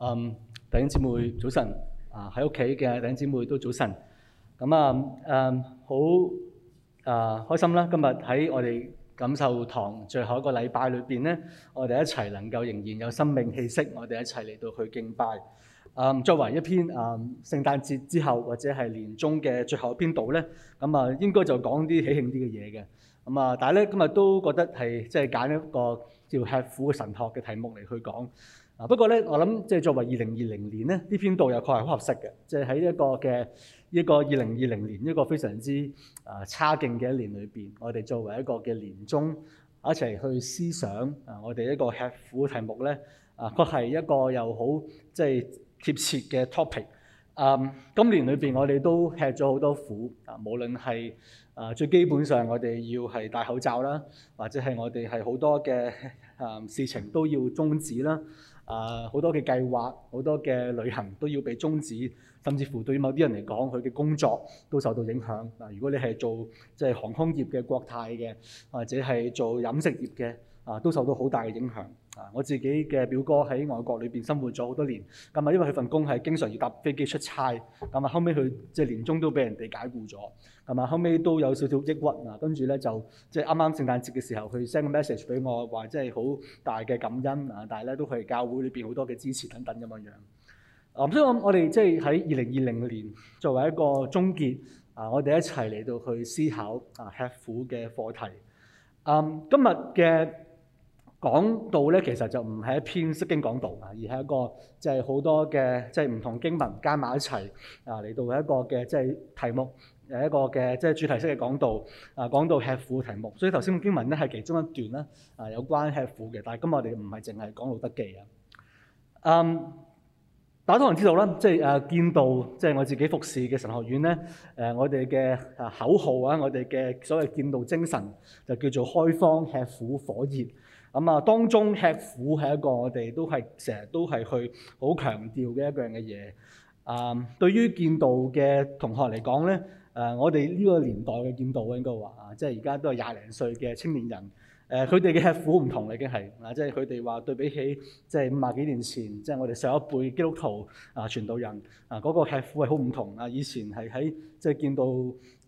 嗯，弟兄姊妹早晨，啊喺屋企嘅弟兄姊妹都早晨。咁啊，嗯，好啊，開心啦！今日喺我哋感受堂最後一個禮拜裏邊咧，我哋一齊能夠仍然有生命氣息，我哋一齊嚟到去敬拜。嗯，作為一篇嗯聖誕節之後或者係年終嘅最後一篇道咧，咁啊應該就講啲喜慶啲嘅嘢嘅。咁啊，但係咧今日都覺得係即係揀一個叫吃苦嘅神學嘅題目嚟去講。啊！不過咧，我諗即係作為二零二零年咧，呢篇道又確係好合適嘅。即係喺一個嘅一個二零二零年一個非常之啊差勁嘅一年裏邊，我哋作為一個嘅年終一齊去思想啊，我哋一個吃苦嘅題目咧啊，確係一個又好即係貼切嘅 topic。嗯，今年裏邊我哋都吃咗好多苦啊！無論係啊，最基本上我哋要係戴口罩啦，或者係我哋係好多嘅啊事情都要終止啦。啊！好多嘅計劃、好多嘅旅行都要被中止，甚至乎對某啲人嚟講，佢嘅工作都受到影響。如果你係做即係航空業嘅國泰嘅，或者係做飲食業嘅，啊，都受到好大嘅影響。啊！我自己嘅表哥喺外國裏邊生活咗好多年，咁啊，因為佢份工係經常要搭飛機出差，咁啊，後尾佢即係年中都俾人哋解僱咗，咁啊，後尾都有少少抑鬱啊，跟住咧就即係啱啱聖誕節嘅時候，佢 send 個 message 俾我，話即係好大嘅感恩啊，但係咧都係教會裏邊好多嘅支持等等咁樣樣。啊，所以我我哋即係喺二零二零年作為一個終結啊，我哋一齊嚟到去思考啊吃苦嘅課題。嗯，今日嘅講道咧，其實就唔係一篇釋經講道啊，而係一個即係好多嘅即係唔同經文加埋一齊啊嚟到一個嘅即係題目，係一個嘅即係主題式嘅講道啊。講到吃苦嘅題目，所以頭先嘅經文咧係其中一段啦啊，有關吃苦嘅。但係今日我哋唔係淨係講《路得記》啊。嗯，打開人知道啦，即係誒建道，即係我自己服侍嘅神學院咧。誒，我哋嘅啊口號啊，我哋嘅所謂建道精神就叫做開荒吃苦，火熱。咁啊，當中吃苦係一個我哋都係成日都係去好強調嘅一樣嘅嘢。啊、嗯，對於建道嘅同學嚟講咧，誒、呃，我哋呢個年代嘅建道應該話啊，即係而家都係廿零歲嘅青年人。誒、呃，佢哋嘅吃苦唔同已經係啊，即係佢哋話對比起即係五廿幾年前，即係我哋上一輩基督徒傳人啊，傳道人啊，嗰個吃苦係好唔同啊。以前係喺即係建道。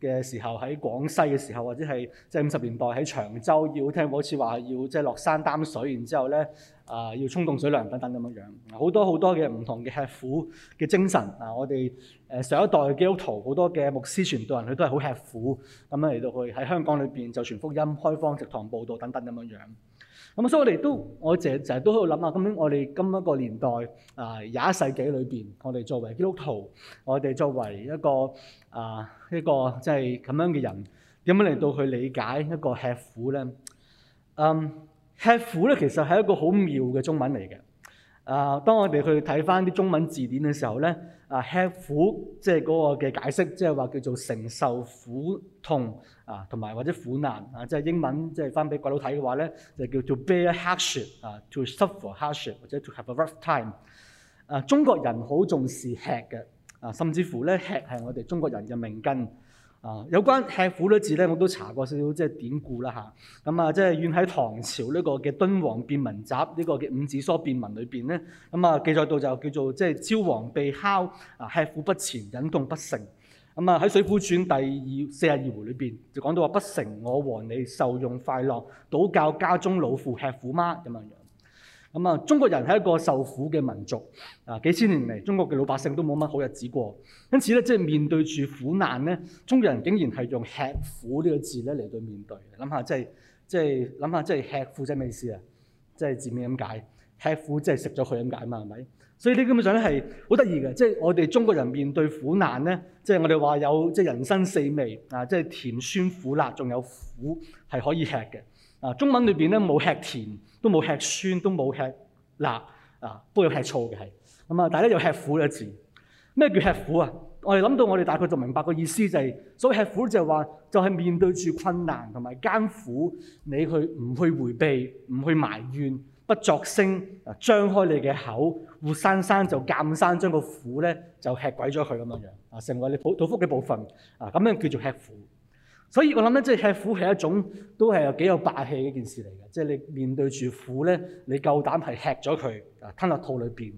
嘅時候喺廣西嘅時候，或者係即係五十年代喺長洲要聽好似話要即係落山擔水，然之後咧啊要沖凍水涼等等咁樣樣，好多好多嘅唔同嘅吃苦嘅精神啊！我哋誒上一代基督徒好多嘅牧師傳道人都是很，佢都係好吃苦咁樣嚟到去喺香港裏邊就傳福音、開荒植堂、佈道等等咁樣樣。咁所以我哋都，我成日成日都喺度諗啊，咁樣我哋今一個年代啊，廿一世紀裏邊，我哋作為基督徒，我哋作為一個啊一個即係咁樣嘅人，點樣嚟到去理解一個吃苦咧？嗯，吃苦咧其實係一個好妙嘅中文嚟嘅。啊！當我哋去睇翻啲中文字典嘅時候咧、uh，啊吃苦即係嗰個嘅解釋，即係話叫做承受苦痛啊，同埋或者苦難啊，即係英文即係翻俾鬼佬睇嘅話咧，就叫做 bear hardship 啊、uh，to suffer hardship 或者 to have a rough time。啊，中國人好重視吃嘅啊，甚至乎咧吃係我哋中國人嘅命根。啊，有關吃苦呢字咧，我都查過少少即係典故啦嚇。咁啊，即係遠喺唐朝呢個嘅《敦煌變文集》呢個嘅《伍子胥變文》裏邊咧，咁啊記載到就叫做即係昭王被烤啊，吃苦不前，忍痛不成」在水第裡面。咁啊喺《水滸傳》第二四廿二回裏邊就講到話不成，我和你受用快樂，倒教家中老婦吃苦嗎咁樣樣。等等。咁啊，中國人係一個受苦嘅民族，啊幾千年嚟，中國嘅老百姓都冇乜好日子過。因此咧，即係面對住苦難咧，中國人竟然係用吃苦呢個字咧嚟對面對。諗下即係即係諗下即係吃苦即係咩意思啊？即係字面咁解，吃苦即係食咗佢咁解嘛，係咪？所以呢根本上咧係好得意嘅，即係我哋中國人面對苦難咧，即係我哋話有即係人生四味，啊即係甜酸苦辣，仲有苦係可以吃嘅。啊，中文裏邊咧冇吃甜，都冇吃酸，都冇吃辣，啊，都有吃醋嘅係，咁啊，但係有吃苦嘅字。咩叫吃苦啊？我哋諗到，我哋大概就明白個意思就係，所謂吃苦就係話，就係、是、面對住困難同埋艱苦，你去唔去迴避，唔去埋怨，不作聲，啊，張開你嘅口，活生生就夾硬將個苦咧就吃鬼咗佢咁樣樣，啊，成為你肚腹嘅部分，啊，咁樣叫做吃苦。所以我諗咧，即係吃苦係一種都係有幾有霸氣嘅一件事嚟嘅。即係你面對住苦咧，你夠膽係吃咗佢啊，吞落肚裏邊。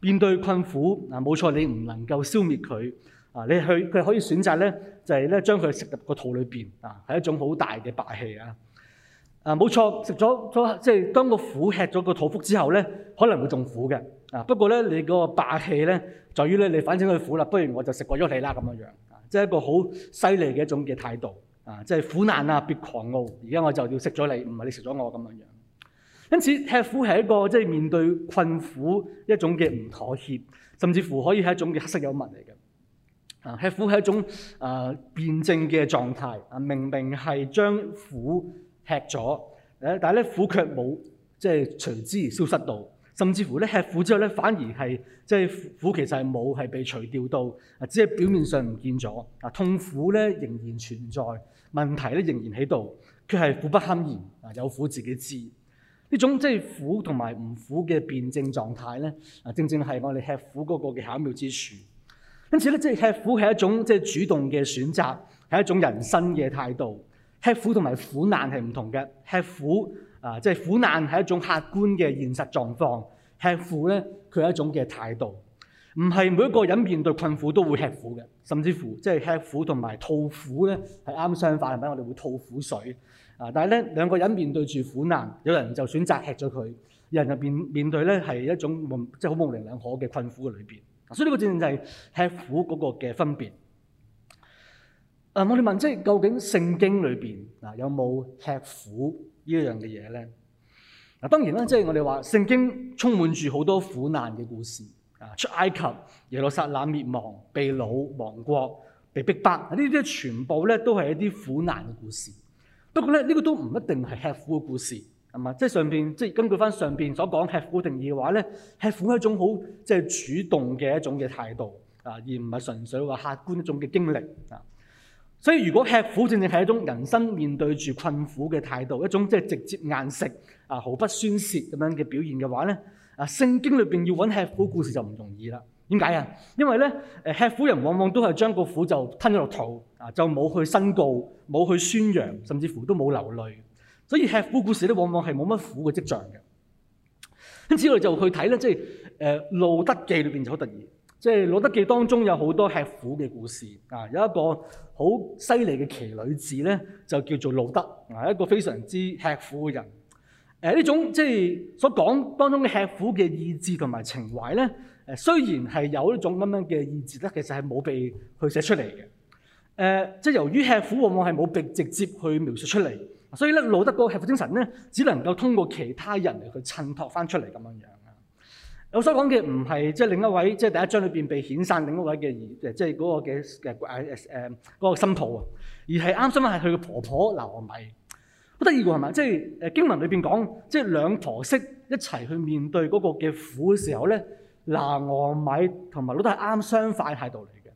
面對困苦啊，冇錯，你唔能夠消滅佢啊，你去佢可以選擇咧，就係咧將佢食入個肚裏邊啊，係一種好大嘅霸氣啊。啊，冇錯，食咗咗即係當個苦吃咗個肚腹之後咧，可能會仲苦嘅啊。不過咧，你個霸氣咧，在於咧，你反正佢苦啦，不如我就食過咗你啦咁樣樣啊，即係一個好犀利嘅一種嘅態度。啊！即係苦難啊，別狂傲。而家我就要食咗你，唔係你食咗我咁樣樣。因此，吃苦係一個即係面對困苦一種嘅唔妥協，甚至乎可以係一種嘅黑色幽默嚟嘅。啊，吃苦係一種啊、呃、辯證嘅狀態啊，明明係將苦吃咗，誒，但係咧苦卻冇即係隨之而消失到，甚至乎咧吃苦之後咧反而係即係苦其實係冇係被除掉到，啊，只係表面上唔見咗，啊，痛苦咧仍然存在。問題咧仍然喺度，佢係苦不堪言啊！有苦自己知，呢種即係、就是、苦同埋唔苦嘅辯證狀態咧，啊，正正係我哋吃苦嗰個嘅巧妙之處。因此咧，即、就、係、是、吃苦係一種即係、就是、主動嘅選擇，係一種人生嘅態度。吃苦同埋苦難係唔同嘅，吃苦啊，即、就、係、是、苦難係一種客觀嘅現實狀況，吃苦咧佢係一種嘅態度。唔係每一個人面對困苦都會吃苦嘅，甚至乎即係吃苦同埋吐苦咧係啱相反，係咪？我哋會吐苦水啊！但係咧兩個人面對住苦難，有人就選擇吃咗佢，有人就面面對咧係一種即係好模棱兩可嘅困苦嘅裏邊。所以呢個正正就係吃苦嗰個嘅分別。誒、嗯，我哋問即係究竟聖經裏邊嗱有冇吃苦呢樣嘅嘢咧？嗱當然啦，即係我哋話聖經充滿住好多苦難嘅故事。啊！出埃及，耶路撒冷滅亡，被擄亡國，被逼迫，呢啲全部咧都係一啲苦難嘅故事。不過咧，呢個都唔一定係吃苦嘅故事，係嘛？即係上邊，即係根據翻上邊所講吃苦定義嘅話咧，吃苦係一種好即係主動嘅一種嘅態度啊，而唔係純粹話客觀一種嘅經歷啊。所以如果吃苦正正係一種人生面對住困苦嘅態度，一種即係直接硬食。啊，毫不宣泄咁樣嘅表現嘅話咧，啊，聖經裏邊要揾吃苦故事就唔容易啦。點解啊？因為咧，誒吃苦人往往都係將個苦就吞咗落肚，啊，就冇去申告，冇去宣揚，甚至乎都冇流淚。所以吃苦故事咧，往往係冇乜苦嘅跡象嘅。咁之我就去睇咧，即係誒路得記裏邊就好得意，即係路得記當中有好多吃苦嘅故事。啊，有一個好犀利嘅奇女子咧，就叫做路得，啊，一個非常之吃苦嘅人。誒呢、呃、種即係所講當中嘅吃苦嘅意志同埋情懷咧，誒雖然係有呢種咁樣嘅意志咧，其實係冇被去寫出嚟嘅。誒、呃、即係由於吃苦往往係冇被直接去描述出嚟，所以咧路得嗰個吃苦精神咧，只能夠通過其他人嚟去襯托翻出嚟咁樣樣啊。我所講嘅唔係即係另一位即係、就是、第一章裏邊被遣散另一位嘅而即係嗰個嘅嘅誒誒嗰個新抱啊，而係啱先係佢嘅婆婆拿俄米。好得意喎，係咪？即係誒經文裏邊講，即係兩婆媳一齊去面對嗰個嘅苦嘅時候咧，拿俄米同埋路得係啱相反態度嚟嘅。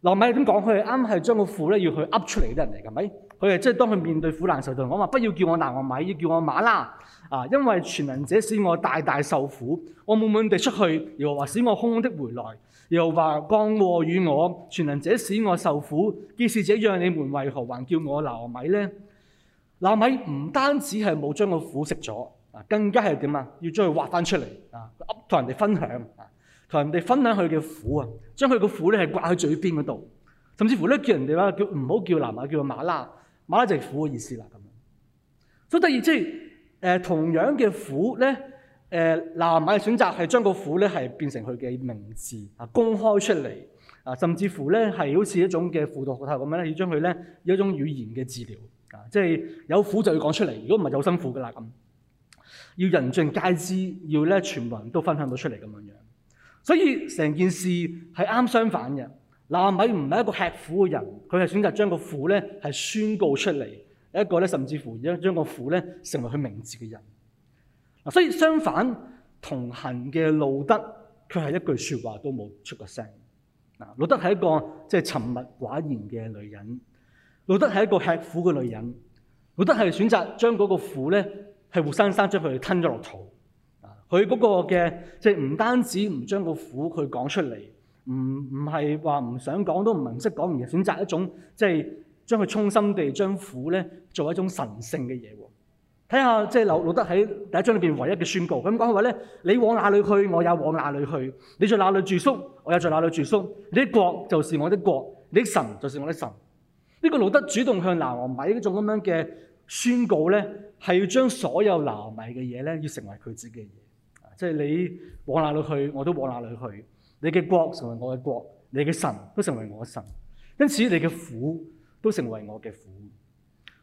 拿俄米點講？佢係啱係將個苦咧要去噏出嚟啲人嚟，係咪？佢係即係當佢面對苦難時候，我話不要叫我拿俄米，要叫我瑪拉啊！因為全能者使我大大受苦，我滿滿地出去，又話使我空空的回來，又話降禍與我。全能者使我受苦，既是這樣你們為何還叫我拿俄米咧？南米唔單止係冇將個苦食咗，啊，更加係點啊？要將佢挖翻出嚟，啊，同人哋分享，啊，同人哋分享佢嘅苦啊，將佢個苦咧係掛喺嘴邊嗰度，甚至乎咧叫人哋咧話唔好叫南米，叫馬拉，馬拉就係苦嘅意思啦，咁樣，所以得意即係誒同樣嘅苦咧，誒南米嘅選擇係將個苦咧係變成佢嘅名字啊，公開出嚟啊，甚至乎咧係好似一種嘅輔導學校咁樣咧，要將佢咧有一種語言嘅治療。啊！即係有苦就要講出嚟，如果唔係有辛苦噶啦咁，要人盡皆知，要咧全部人都分享到出嚟咁樣樣。所以成件事係啱相反嘅。拿俄米唔係一個吃苦嘅人，佢係選擇將個苦咧係宣告出嚟，一個咧甚至乎咧將個苦咧成為佢名字嘅人。嗱，所以相反同行嘅路得，佢係一句説話都冇出過聲。嗱，路得係一個即係沉默寡言嘅女人。路得係一個吃苦嘅女人，路得係選擇將嗰個苦咧，係活生生將佢吞咗落肚。啊，佢嗰個嘅即係唔單止唔將個苦佢講出嚟，唔唔係話唔想講都唔識講，而係選擇一種即係將佢衷心地將苦咧做一種神性嘅嘢喎。睇下即係路路得喺第一章裏邊唯一嘅宣告，咁講嘅話咧，你往哪裏去，我又往哪裏去；你在哪裏住宿，我又在哪裏住宿；你的國就是我的國，你的神就是我的神。呢個路得主動向拿俄米嗰種咁樣嘅宣告咧，係要將所有拿俄米嘅嘢咧，要成為佢自己嘅嘢，即係你往哪裏去，我都往哪裏去。你嘅國成為我嘅國，你嘅神都成為我嘅神，因此你嘅苦都成為我嘅苦。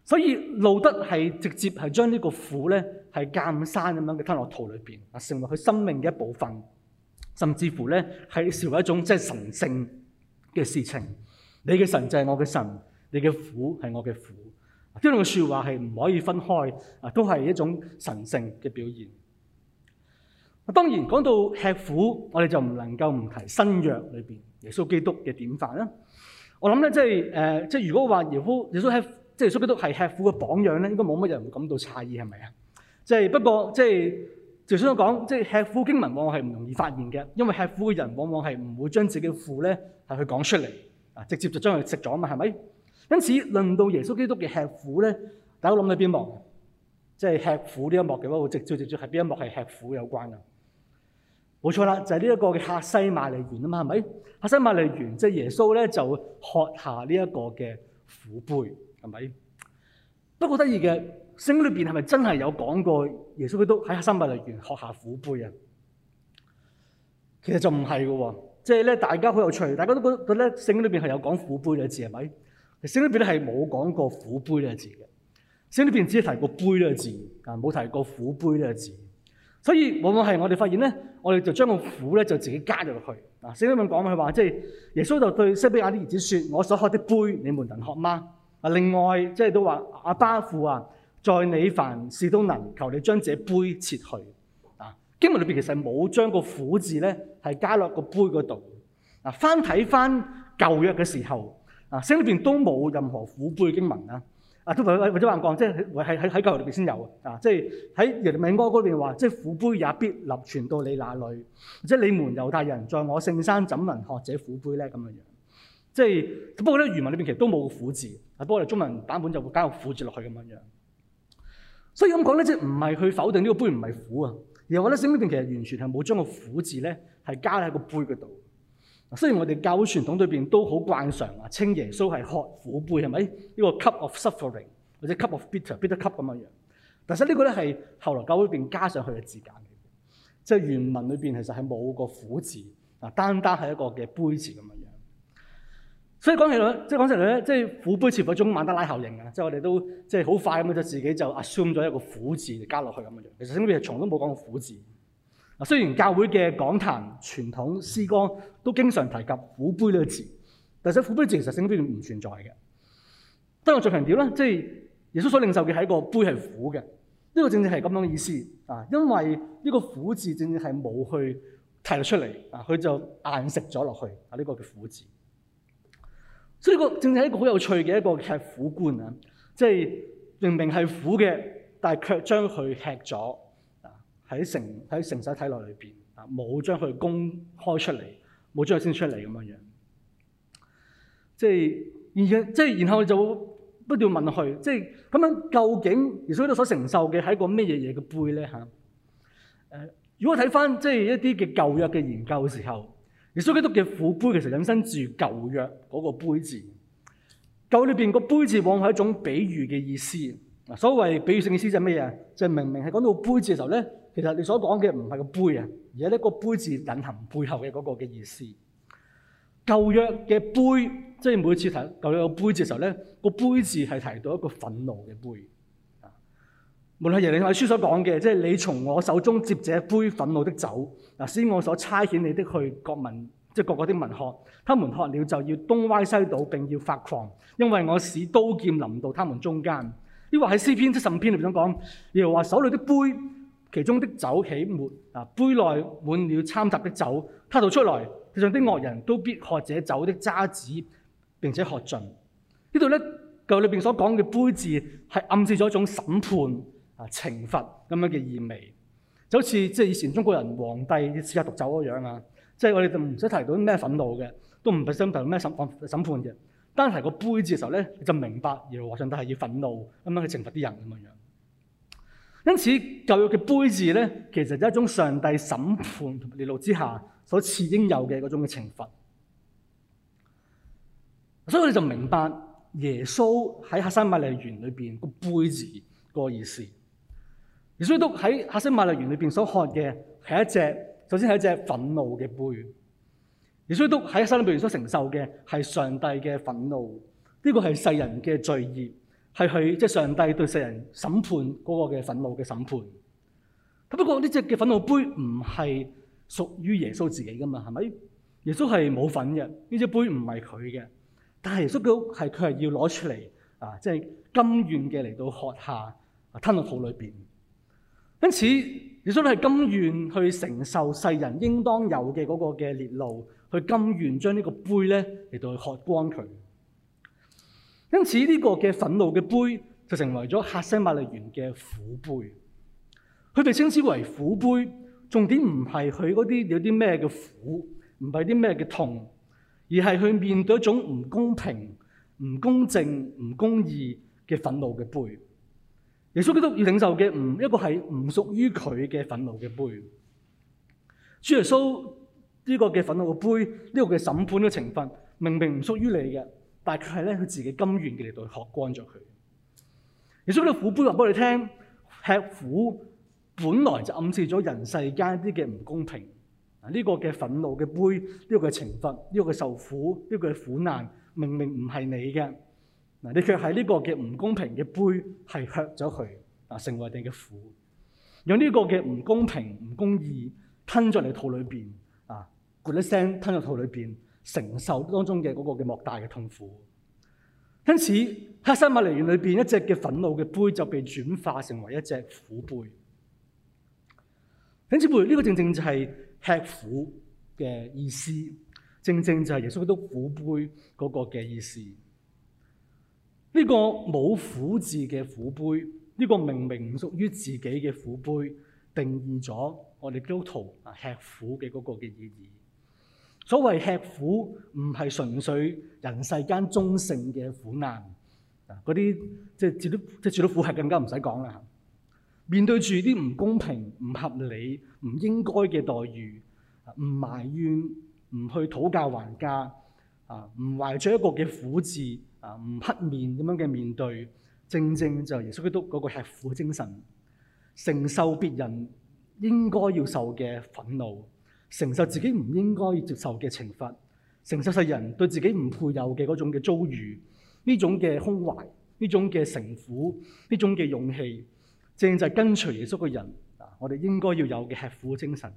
所以路得係直接係將呢個苦咧，係鑊山咁樣嘅吞落肚裏邊，啊，成為佢生命嘅一部分，甚至乎咧係成為一種即係神性嘅事情。你嘅神就係我嘅神。你嘅苦係我嘅苦，呢兩個說話係唔可以分開，都係一種神聖嘅表現。當然講到吃苦，我哋就唔能夠唔提新約裏邊耶穌基督嘅典範啦。我諗咧，即係誒、呃，即係如果話耶穌耶穌吃，即係耶穌基督係吃苦嘅榜樣咧，應該冇乜人會感到詫異，係咪啊？即係不過，即係就算我講，即係吃苦經文往往係唔容易發現嘅，因為吃苦嘅人往往係唔會將自己嘅苦咧係去講出嚟，直接就將佢食咗啊嘛，係咪？因此，令到耶穌基督嘅吃苦咧，大家諗到邊幕？即係吃苦呢一幕嘅話，直接、直接係邊一幕係吃苦有關啊？冇錯啦，就係呢一個嘅客西馬尼園啊嘛，係咪？客西馬尼園即係耶穌咧就喝下呢一個嘅苦杯，係咪？不過得意嘅聖經裏邊係咪真係有講過耶穌基督喺客西馬尼園喝下苦杯啊？其實就唔係嘅喎，即係咧，大家好有趣，大家都覺得聖經裏邊係有講苦杯嘅字，係咪？聖經裏邊係冇講過苦杯呢個字嘅，聖經裏邊只係提過杯呢個字，啊，冇提過苦杯呢個字，所以往往係我哋發現咧，我哋就將個苦咧就自己加咗落去。啊，聖經咁講佢話，即係耶穌就對西庇雅啲兒子說，我所喝的杯，你們能喝嗎？啊，另外即係都話阿巴父啊，在你凡事都能，求你將這杯撤去。啊，經文裏邊其實冇將個苦字咧係加落個杯嗰度。啊，翻睇翻舊約嘅時候。啊！聖裏邊都冇任何苦杯經文啦。啊，都或者或者話講，即係喺喺喺教會裏面先有啊。即係喺耶利米哀歌嗰邊話，即係苦杯也必流傳到你那裏，即係你們猶太人在我聖山怎能學者苦杯咧？咁樣樣。即係不過咧，原文裏面其實都冇個苦字，不過我哋中文版本就會加個苦字落去咁樣樣。所以咁講咧，即係唔係去否定呢個杯唔係苦啊？而我覺得聖裏邊其實完全係冇將個苦字咧係加喺個杯嗰度。雖然我哋教會傳統裏邊都好慣常話稱耶穌係喝苦杯係咪？呢個 cup of suffering 或者 cup of bitter，bitter cup 咁樣樣。但係呢個咧係後來教會邊加上去嘅字眼嚟嘅，即係原文裏邊其實係冇個苦字，嗱單單係一個嘅杯字咁樣樣。所以講起嚟，即係講實話咧，即係苦杯似乎中曼德拉效應啊！即係我哋都即係好快咁就自己就 assume 咗一個苦字加落去咁樣樣。其實聖經從都冇講過苦字。啊，雖然教會嘅講壇傳統詩歌都經常提及苦杯呢個字，但係苦杯字其實聖經裡面唔存在嘅。所以我再強調啦，即係耶穌所領受嘅係一個杯係苦嘅，呢個正正係咁樣嘅意思啊。因為呢個苦字正正係冇去提嚟出嚟啊，佢就硬食咗落去啊，呢個叫苦字。所以呢個正正係一個好有趣嘅一個吃苦觀啊，即係明明係苦嘅，但係卻將佢吃咗。喺成喺承受體內裏邊啊，冇將佢公開出嚟，冇將佢先出嚟咁樣樣。即係而家，即係然後就不斷問佢，即係咁樣究竟耶穌基督所承受嘅係一個咩嘢嘢嘅杯咧？嚇、呃、誒，如果睇翻即係一啲嘅舊約嘅研究嘅時候，耶穌基督嘅苦杯其實引申住舊約嗰個杯字。舊裏邊個杯字往往係一種比喻嘅意思。啊，所謂比喻性意思就係咩嘢？就係、明明係講到杯字嘅時候咧，其實你所講嘅唔係個杯啊，而係呢個杯字隱含背後嘅嗰個嘅意思。舊約嘅杯，即係每次提舊約個杯字嘅時候咧，個杯字係提到一個憤怒嘅杯。無論係耶利米書所講嘅，即係你從我手中接這杯憤怒的酒。嗱，使我所差遣你的去各民，即係各國的民喝，他們喝了就要東歪西倒，並要發狂，因為我使刀劍臨到他們中間。亦或喺詩篇七十五篇裏邊講，又話手裏的杯。其中的酒起沫，啊，杯內滿了參雜的酒。他倒出，出來，世上的惡人都必喝這酒的渣子，並且喝盡。裡呢度咧，舊裏邊所講嘅杯字係暗示咗一種審判啊、懲罰咁樣嘅意味，就好似即係以前中國人皇帝要試下毒酒嗰樣啊。即、就、係、是、我哋就唔使提到咩憤怒嘅，都唔使提頭咩審，審，審判審判嘅。單提個杯字嘅時候咧，你就明白耶和華都係要憤怒咁樣去懲罰啲人咁樣樣。因此，教育嘅杯子咧，其實係一種上帝審判同烈怒之下所賜應有嘅嗰種嘅懲罰。所以，我哋就明白耶穌喺客西馬尼園裏邊個杯子，嗰個意思。耶穌都喺客西馬尼園裏邊所喝嘅係一隻，首先係一隻憤怒嘅杯。耶穌都喺客西馬尼園裏邊所承受嘅係上帝嘅憤怒，呢個係世人嘅罪孽。係佢即係上帝對世人審判嗰個嘅憤怒嘅審判。不過呢隻嘅憤怒杯唔係屬於耶穌自己噶嘛，係咪？耶穌係冇份嘅，呢隻杯唔係佢嘅。但係耶穌佢係佢係要攞出嚟啊！即係甘願嘅嚟到喝下吞落肚裏邊。因此耶穌係甘願去承受世人應當有嘅嗰個嘅烈怒，去甘願將呢個杯咧嚟到去喝光佢。因此呢個嘅憤怒嘅杯就成為咗客西馬尼園嘅苦杯。佢被稱之為苦杯，重點唔係佢嗰啲有啲咩嘅苦，唔係啲咩嘅痛，而係佢面對一種唔公平、唔公正、唔公義嘅憤怒嘅杯。耶穌基督要領受嘅唔一個係唔屬於佢嘅憤怒嘅杯。主耶穌呢個嘅憤怒嘅杯，呢、這個嘅審判嘅刑罰，明明唔屬於你嘅。但係佢係咧，佢自己甘願嘅嚟到喝乾咗佢。你想喺度苦杯話俾你哋聽，吃苦本來就暗示咗人世間一啲嘅唔公平。啊，呢個嘅憤怒嘅杯，呢個嘅懲罰，呢個嘅受苦，呢個嘅苦難，明明唔係你嘅，嗱，你卻喺呢個嘅唔公平嘅杯係喝咗佢，啊成為你嘅苦，用呢個嘅唔公平、唔公義吞咗你肚裏邊，啊咕一聲吞咗肚裏邊。承受當中嘅嗰個嘅莫大嘅痛苦，因此客西馬尼園裏邊一隻嘅憤怒嘅杯就被轉化成為一隻苦杯。因此，杯呢個正正就係吃苦嘅意思，正正就係耶穌基督苦杯嗰個嘅意思。呢個冇苦字嘅苦杯，呢個明明唔屬於自己嘅苦杯，定義咗我哋基督徒啊吃苦嘅嗰個嘅意義。所謂吃苦唔係純粹人世間中性嘅苦難，嗰啲即係接啲即係接啲苦係更加唔使講啦。面對住啲唔公平、唔合理、唔應該嘅待遇，唔埋怨、唔去討價還價，啊，唔懷着一個嘅苦字，啊，唔黑面咁樣嘅面對，正正就耶穌基督嗰個吃苦精神，承受別人應該要受嘅憤怒。承受自己唔應該要接受嘅懲罰，承受世人對自己唔配有嘅嗰種嘅遭遇，呢種嘅胸懷，呢種嘅承苦，呢種嘅勇氣，正就係跟隨耶穌嘅人啊！我哋應該要有嘅吃苦精神。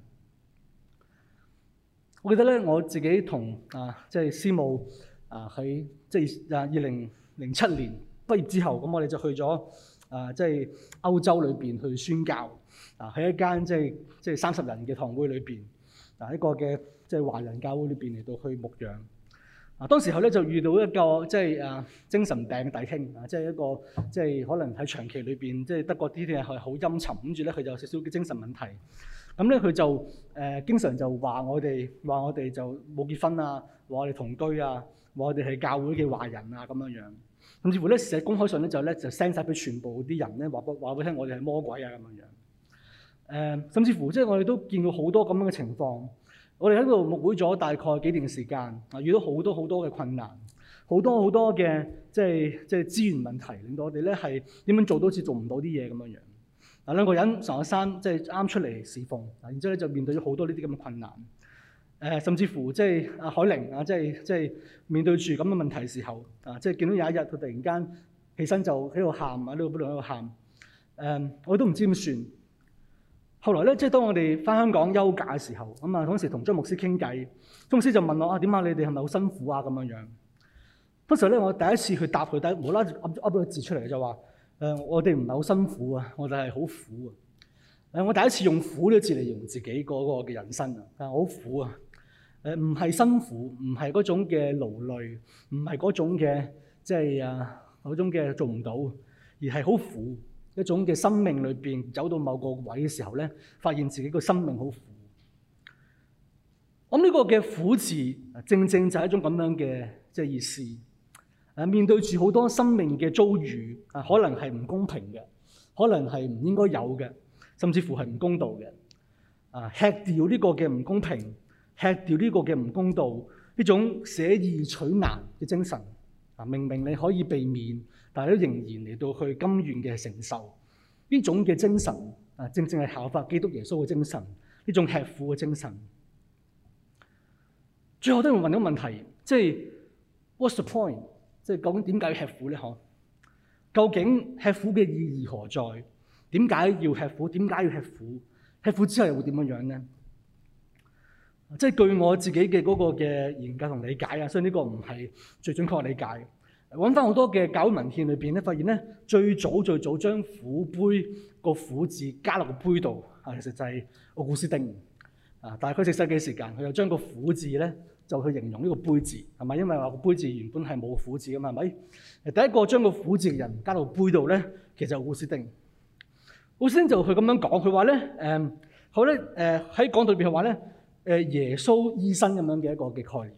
我記得咧，我自己同啊，即係師母啊，喺即係啊二零零七年畢業之後，咁我哋就去咗啊，即係歐洲裏邊去宣教啊，喺一間即係即係三十人嘅堂會裏邊。嗱，一個嘅即係華人教會裏邊嚟到去牧養，嗱，當時候咧就遇到一個即係啊精神病弟兄啊，即係一個即係可能喺長期裏邊即係得過啲嘢係好陰沉，跟住咧佢就有少少嘅精神問題。咁咧佢就誒、呃、經常就話我哋話我哋就冇結婚啊，話我哋同居啊，話我哋係教會嘅華人啊咁樣樣。甚至乎咧，寫公開信咧就咧就 send 晒俾全部啲人咧，話話俾聽我哋係魔鬼啊咁樣樣。誒、呃，甚至乎即係、就是、我哋都見到好多咁樣嘅情況。我哋喺度牧會咗大概幾段時間，啊，遇到好多好多嘅困難，好多好多嘅即係即係資源問題，令到我哋咧係點樣做到，做到，好似做唔到啲嘢咁樣樣。啊，兩個人上咗山，即係啱出嚟侍奉，然之後咧就面對咗好多呢啲咁嘅困難。誒、呃，甚至乎即係阿海玲啊，即係即係面對住咁嘅問題時候，啊，即係見到有一日佢突然間起身就喺度喊，喺度不斷喺度喊。誒、呃，我都唔知點算。後來咧，即係當我哋翻香港休假嘅時候，咁啊嗰陣時同張牧師傾偈，張牧師就問我啊：點解你哋係咪好辛苦啊？咁樣樣。當時咧，我第一次去答佢，但係無啦啦噏咗噏咗個字出嚟，就話：誒、呃，我哋唔係好辛苦啊，我哋係好苦啊。誒、呃，我第一次用苦呢個字嚟形容自己嗰個嘅人生啊，但係好苦啊。誒、呃，唔係辛苦，唔係嗰種嘅勞累，唔係嗰種嘅即係啊嗰種嘅做唔到，而係好苦。一種嘅生命裏邊走到某個位嘅時候咧，發現自己個生命好苦。咁呢個嘅苦字，正正就係一種咁樣嘅即係意思。啊，面對住好多生命嘅遭遇，啊，可能係唔公平嘅，可能係唔應該有嘅，甚至乎係唔公道嘅。啊，吃掉呢個嘅唔公平，吃掉呢個嘅唔公道，呢種捨易取難嘅精神。啊，明明你可以避免。但係都仍然嚟到去甘願嘅承受，呢種嘅精神啊，正正係效法基督耶穌嘅精神，呢種吃苦嘅精神。最後都要問一個問題，即係 what's the point？即係究竟點解要吃苦咧？嗬？究竟吃苦嘅意義何在？點解要吃苦？點解要吃苦？吃苦之後又會點樣樣咧？即係據我自己嘅嗰個嘅研究同理解啊，所以呢個唔係最準確嘅理解。揾翻好多嘅教會文獻裏邊咧，發現咧，最早最早將苦杯個苦字加落個杯度啊，其實就係奧古斯丁啊。大概四世紀嘅時間，佢又將個苦字咧就去形容呢個杯字係咪？因為話個杯字原本係冇苦字嘅嘛，係咪？第一個將個苦字嘅人加到杯度咧，其實奧古斯丁。奧古斯丁就佢咁樣講，佢話咧誒，佢咧誒喺講到裏邊講道裏邊話咧誒，耶穌醫生咁樣嘅一個嘅概念。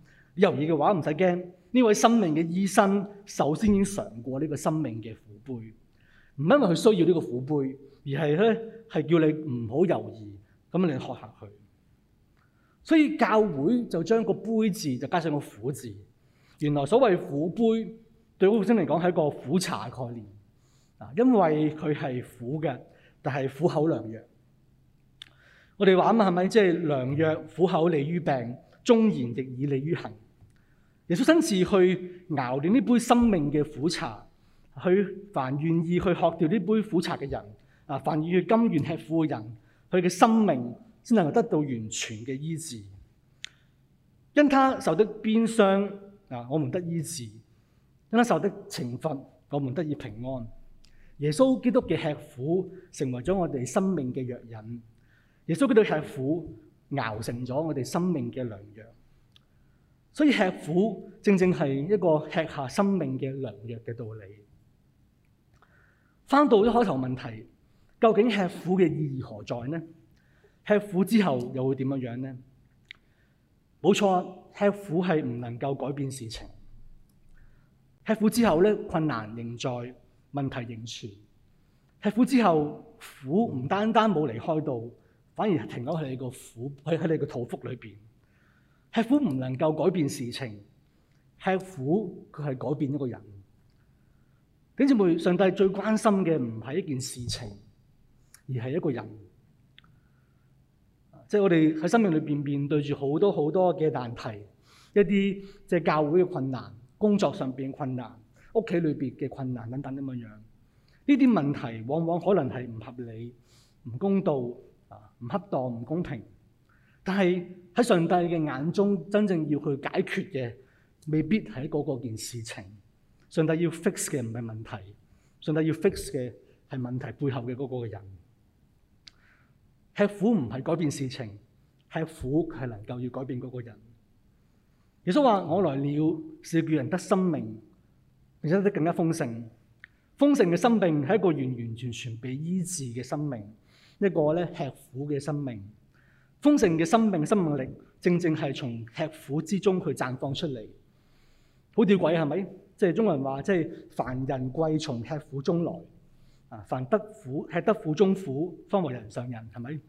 猶豫嘅話唔使驚，呢位生命嘅醫生首先已經嘗過呢個生命嘅苦杯，唔因為佢需要呢個苦杯，而係咧係叫你唔好猶豫，咁你學下佢。所以教會就將個杯字就加上個苦字，原來所謂苦杯對嗰個學生嚟講係一個苦茶概念啊，因為佢係苦嘅，但係苦口良藥。我哋話咁啊係咪？即係良藥苦口利於病，忠言逆耳利於行。耶穌親自去熬煉呢杯生命嘅苦茶，去凡願意去喝掉呢杯苦茶嘅人，啊，凡願意去甘願吃苦嘅人，佢嘅生命先能夠得到完全嘅醫治。因他受的鞭傷啊，我們得醫治；因他受的懲罰，我們得以平安。耶穌基督嘅吃苦，成為咗我哋生命嘅藥引；耶穌基督嘅吃苦，熬成咗我哋生命嘅良藥。所以吃苦正正係一個吃下生命嘅良藥嘅道理。翻到一開頭問題，究竟吃苦嘅意義何在呢？吃苦之後又會點樣樣呢？冇錯，吃苦係唔能夠改變事情。吃苦之後咧，困難仍在，問題仍存。吃苦之後，苦唔單單冇離開到，反而停留喺你個苦喺喺你個肚腹裏邊。吃苦唔能夠改變事情，吃苦佢係改變一個人。點姐妹上帝最關心嘅唔係一件事情，而係一個人。即係我哋喺生命裏邊面對住好多好多嘅難題，一啲即係教會嘅困難、工作上邊嘅困難、屋企裏邊嘅困難等等咁樣樣。呢啲問題往往可能係唔合理、唔公道、啊唔恰當、唔公平。但係喺上帝嘅眼中，真正要去解決嘅未必係嗰個件事情。上帝要 fix 嘅唔係問題，上帝要 fix 嘅係問題背後嘅嗰個人。吃苦唔係改變事情，吃苦係能夠要改變嗰個人。耶穌話：我來了是要叫人得生命，而且得更加豐盛。豐盛嘅生命係一個完完全全被醫治嘅生命，一個咧吃苦嘅生命。豐盛嘅生命生命力，正正係從吃苦之中去綻放出嚟。好吊詭啊，係咪？即係中國人話，即係凡人貴從吃苦中來。啊，凡得苦，吃得苦中苦，方為人上人，係咪？呢、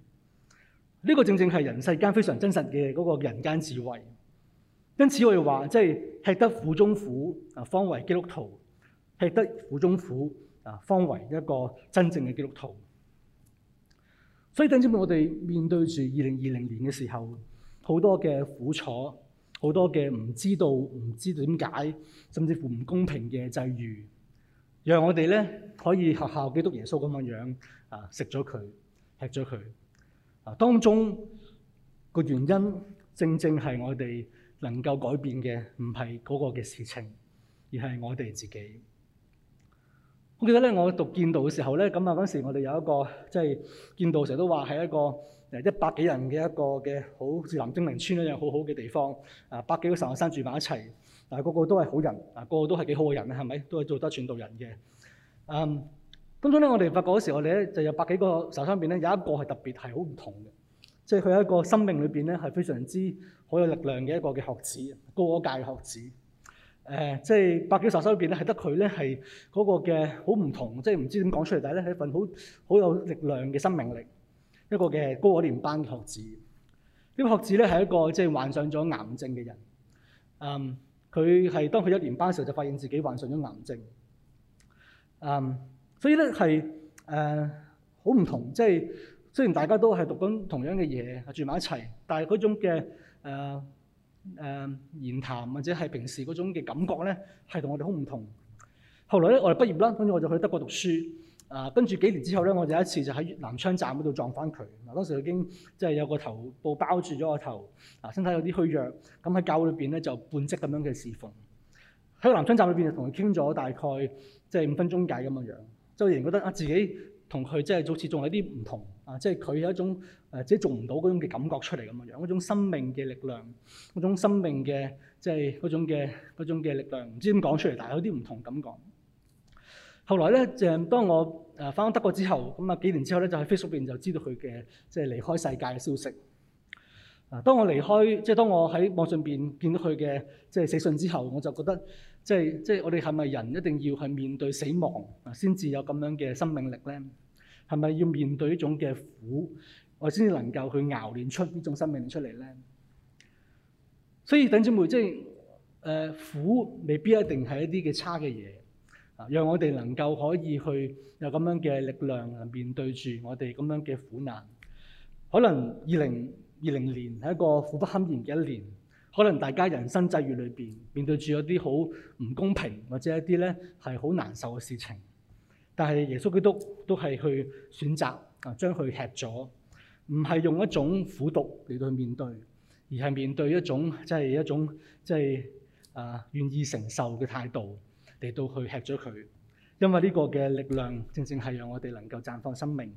這個正正係人世間非常真實嘅嗰個人間智慧。因此我們說，我哋話即係吃得苦中苦啊，方為基督徒；吃得苦中苦啊，方為一個真正嘅基督徒。所以等於我哋面對住二零二零年嘅時候，好多嘅苦楚，好多嘅唔知道，唔知點解，甚至乎唔公平嘅際遇，讓我哋咧可以效效基督耶穌咁樣樣啊，食咗佢，吃咗佢啊，當中個原因正正係我哋能夠改變嘅唔係嗰個嘅事情，而係我哋自己。我記得咧，我讀建道嘅時候咧，咁啊嗰時候我哋有一個即係、就是、建道成日都話係一個誒一百幾人嘅一個嘅好似藍精靈村一樣好好嘅地方啊，百幾個神學生住埋一齊，但係個個都係好人啊，個個都係幾好嘅人啊，係咪都係做得傳道人嘅？嗯，當中咧我哋發覺嗰時我哋咧就有百幾個神學生入邊咧有一個係特別係好唔同嘅，即係佢係一個生命裏邊咧係非常之好有力量嘅一個嘅學子，高個界學子。誒、呃，即係百幾十生入邊咧，係得佢咧係嗰個嘅好唔同，即係唔知點講出嚟，但係咧係一份好好有力量嘅生命力，一個嘅高我年班嘅學子。呢、這個學子咧係一個即係患上咗癌症嘅人。嗯，佢係當佢一年班嘅時候就發現自己患上咗癌症。嗯，所以咧係誒好唔同，即係雖然大家都係讀緊同樣嘅嘢，住埋一齊，但係嗰種嘅誒。呃誒、呃、言談或者係平時嗰種嘅感覺咧，係同我哋好唔同。後來咧，我哋畢業啦，跟住我就去德國讀書。啊，跟住幾年之後咧，我哋有一次就喺南昌站嗰度撞翻佢。嗱、啊，當時已經即係有個頭部包住咗個頭，啊，身體有啲虛弱。咁喺教會裏邊咧，就半職咁樣嘅侍奉。喺南昌站裏邊就同佢傾咗大概即係五分鐘偈咁嘅樣。周然覺得啊，自己。他做點不同佢，即係好似仲有啲唔同啊！即係佢有一種誒，自己做唔到嗰種嘅感覺出嚟咁嘅樣，嗰種生命嘅力量，嗰種生命嘅即係嗰種嘅嗰種嘅力量，唔知點講出嚟，但係有啲唔同感覺。後來咧，誒當我誒翻咗德國之後，咁啊幾年之後咧，就喺 Facebook 入邊就知道佢嘅即係離開世界嘅消息。嗱、啊，當我離開，即係當我喺網上邊見到佢嘅即係死訊之後，我就覺得。即係即係，就是就是、我哋係咪人一定要去面對死亡啊，先至有咁樣嘅生命力咧？係咪要面對呢種嘅苦，我先至能夠去熬練出呢種生命力出嚟咧？所以，等姊妹即係誒苦未必一定係一啲嘅差嘅嘢啊，讓我哋能夠可以去有咁樣嘅力量面對住我哋咁樣嘅苦難。可能二零二零年係一個苦不堪言嘅一年。可能大家人生際遇裏邊面對住一啲好唔公平，或者一啲咧係好難受嘅事情。但係耶穌基督都係去選擇啊，將佢吃咗，唔係用一種苦毒嚟到去面對，而係面對一種即係、就是、一種即係啊願意承受嘅態度嚟到去吃咗佢。因為呢個嘅力量正正係讓我哋能夠綻放生命。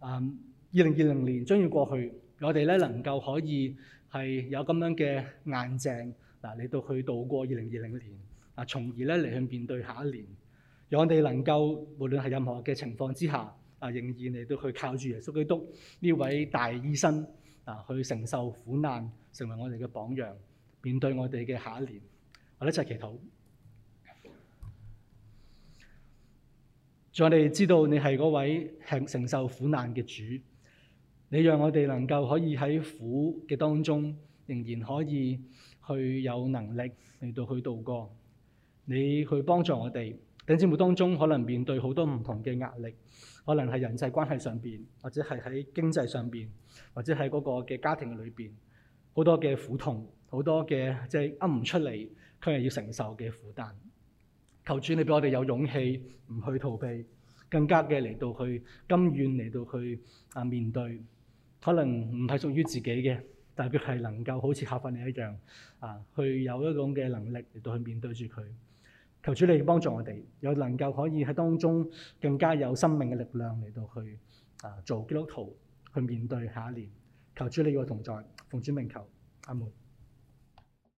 嗯，二零二零年將要過去。我哋咧能夠可以係有咁樣嘅硬淨嗱，嚟到去度過二零二零年啊，從而咧嚟去面對下一年，讓我哋能夠無論係任何嘅情況之下啊，仍然嚟到去靠住耶穌基督呢位大醫生啊，去承受苦難，成為我哋嘅榜樣，面對我哋嘅下一年，我哋一齊祈禱。讓我哋知道你係嗰位承承受苦難嘅主。你讓我哋能夠可以喺苦嘅當中，仍然可以去有能力嚟到去度過。你去幫助我哋，等節日當中可能面對好多唔同嘅壓力，可能係人際關係上邊，或者係喺經濟上邊，或者係嗰個嘅家庭嘅裏邊，好多嘅苦痛，好多嘅即係噏唔出嚟，佢係要承受嘅負擔。求主，你俾我哋有勇氣，唔去逃避，更加嘅嚟到去甘願嚟到去啊面對。可能唔係屬於自己嘅，但係佢係能夠好似合範你一樣，啊，去有一種嘅能力嚟到去面對住佢。求主你幫助我哋，又能夠可以喺當中更加有生命嘅力量嚟到去啊做基督徒去面對下一年。求主你嘅同在，奉主名，求，阿門。